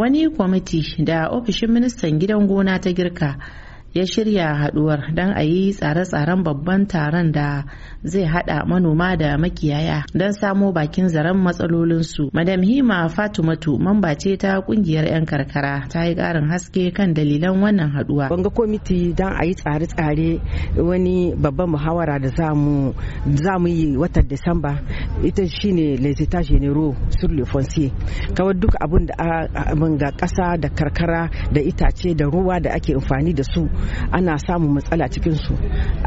wani kwamiti da ofishin ministan gidan gona ta girka ya shirya haduwar don a yi tsare-tsaren babban taron da zai hada manoma da makiyaya don samo bakin zaren matsalolinsu. Madam Hima Fatumatu mamba ce ta kungiyar 'yan karkara ta yi karin haske kan dalilan wannan haduwa. Banga komiti don a yi tsare-tsare wani babban muhawara da za mu yi watan Disamba ita shine les états généraux sur le foncier kawai duk abun da abin ga kasa da karkara da itace da ruwa da ake amfani da su ana samu matsala cikin su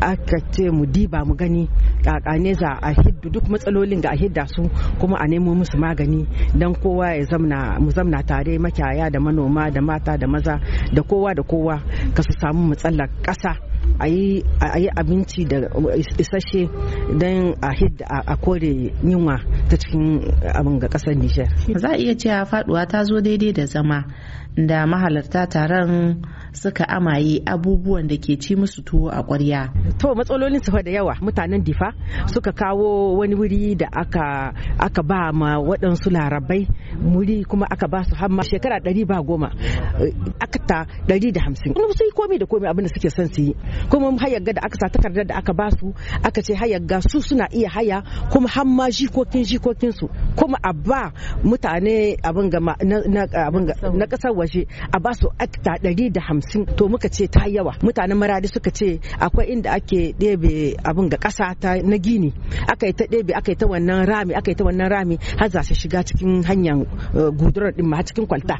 aka ce mu diba mu gani kakane a hiddu duk matsalolin ga a hidda su kuma a nemo musu magani don kowa ya zamna mu zamna tare makiyaya da manoma da mata da maza da kowa da kowa ka su samu matsalar kasa. a yi abinci da isashe don a hidda a kore yunwa ta cikin abin ga kasar nijar za a iya cewa faduwa ta zo daidai da zama da mahalarta taron suka amaye abubuwan da ke ci musu tuwo a ƙwarya. To matsalolin su da yawa mutanen difa suka kawo wani wuri da aka aka ba ma waɗansu larabai muri kuma aka ba su hamma shekara ɗari ba goma aka ta ɗari da hamsin. Wani su yi komai da komai abin da suke son su yi. Kuma hayagga da aka sa takardar da aka ba su aka ce hayagga su suna iya haya kuma hamma jikokin jikokin su kuma a ba mutane abin ga na ƙasar waje a ba su akta ɗari da hamsin. hamsin to muka ce ta yawa mutanen maradi suka ce akwai inda ake ɗebe abin ga ƙasa ta na gini aka yi ta ɗebe aka yi ta wannan rami aka yi ta wannan rami har za su shiga cikin hanyar eh, gudurar ɗin ma cikin kwalta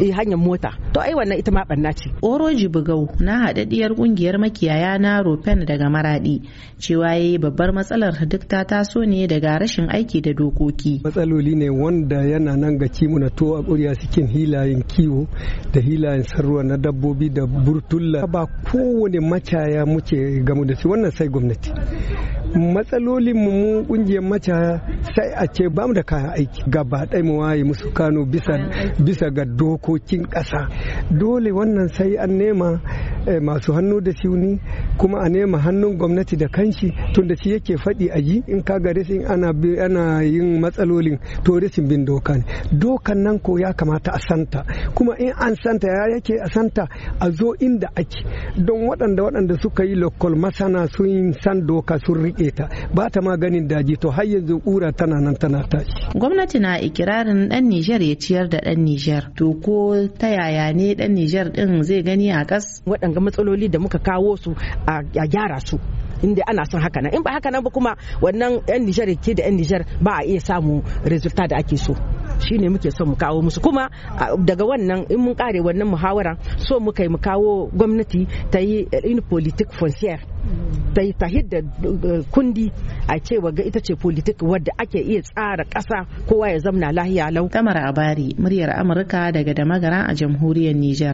eh hanyar mota to ai wannan ita ma banna ce oroji bugau na hadaddiyar kungiyar makiyaya na rofen daga maradi cewa yayi babbar matsalar duk ta taso ne daga rashin aiki da dokoki matsaloli ne wanda yana nan ga kimu na to a kuriya cikin hilayen kiwo da hilayen sarruwa na dabbobi da burtulla ba kowane macaya muke gamu da shi wannan sai gwamnati matsalolin mu kungiyar maca sai a ce bamu da kayan aiki gaba ɗaya mu waye musu kano bisa ga dokokin ƙasa dole wannan sai an nema Eh, masu hannu da shuni kuma a nema hannun gwamnati da kanshi tun da shi yake faɗi a yi in kaga rashin ana ana yin matsalolin to rashin bin doka ne dokan nan ko ya kamata a santa kuma in an santa ya yake a santa a zo inda ake don waɗanda waɗanda suka yi lokal masana sun yi san doka sun riƙe ta ba ta maganin daji to har yanzu ƙura tana nan tana tashi gwamnati na ikirarin ɗan Nijar ya ciyar da ɗan Nijar to ko ta yaya ne ɗan Nijar ɗin zai gani a ƙas ga matsaloli da muka kawo su a gyara su inda ana son haka nan in ba haka nan ba kuma wannan yan nijar ke da yan nijar ba a iya samu resulta da ake so shi ne muke son mu kawo musu kuma daga wannan in mun kare wannan muhawara so muka kai mu kawo gwamnati ta yi eh, in politik foncière ta yi tahid da eh, kundi a ce ga ita ce politik wadda ake iya tsara kasa kowa ya zamna lahiya lau. Abari, muryar Amurka daga Damagara a jamhuriyar Nijar.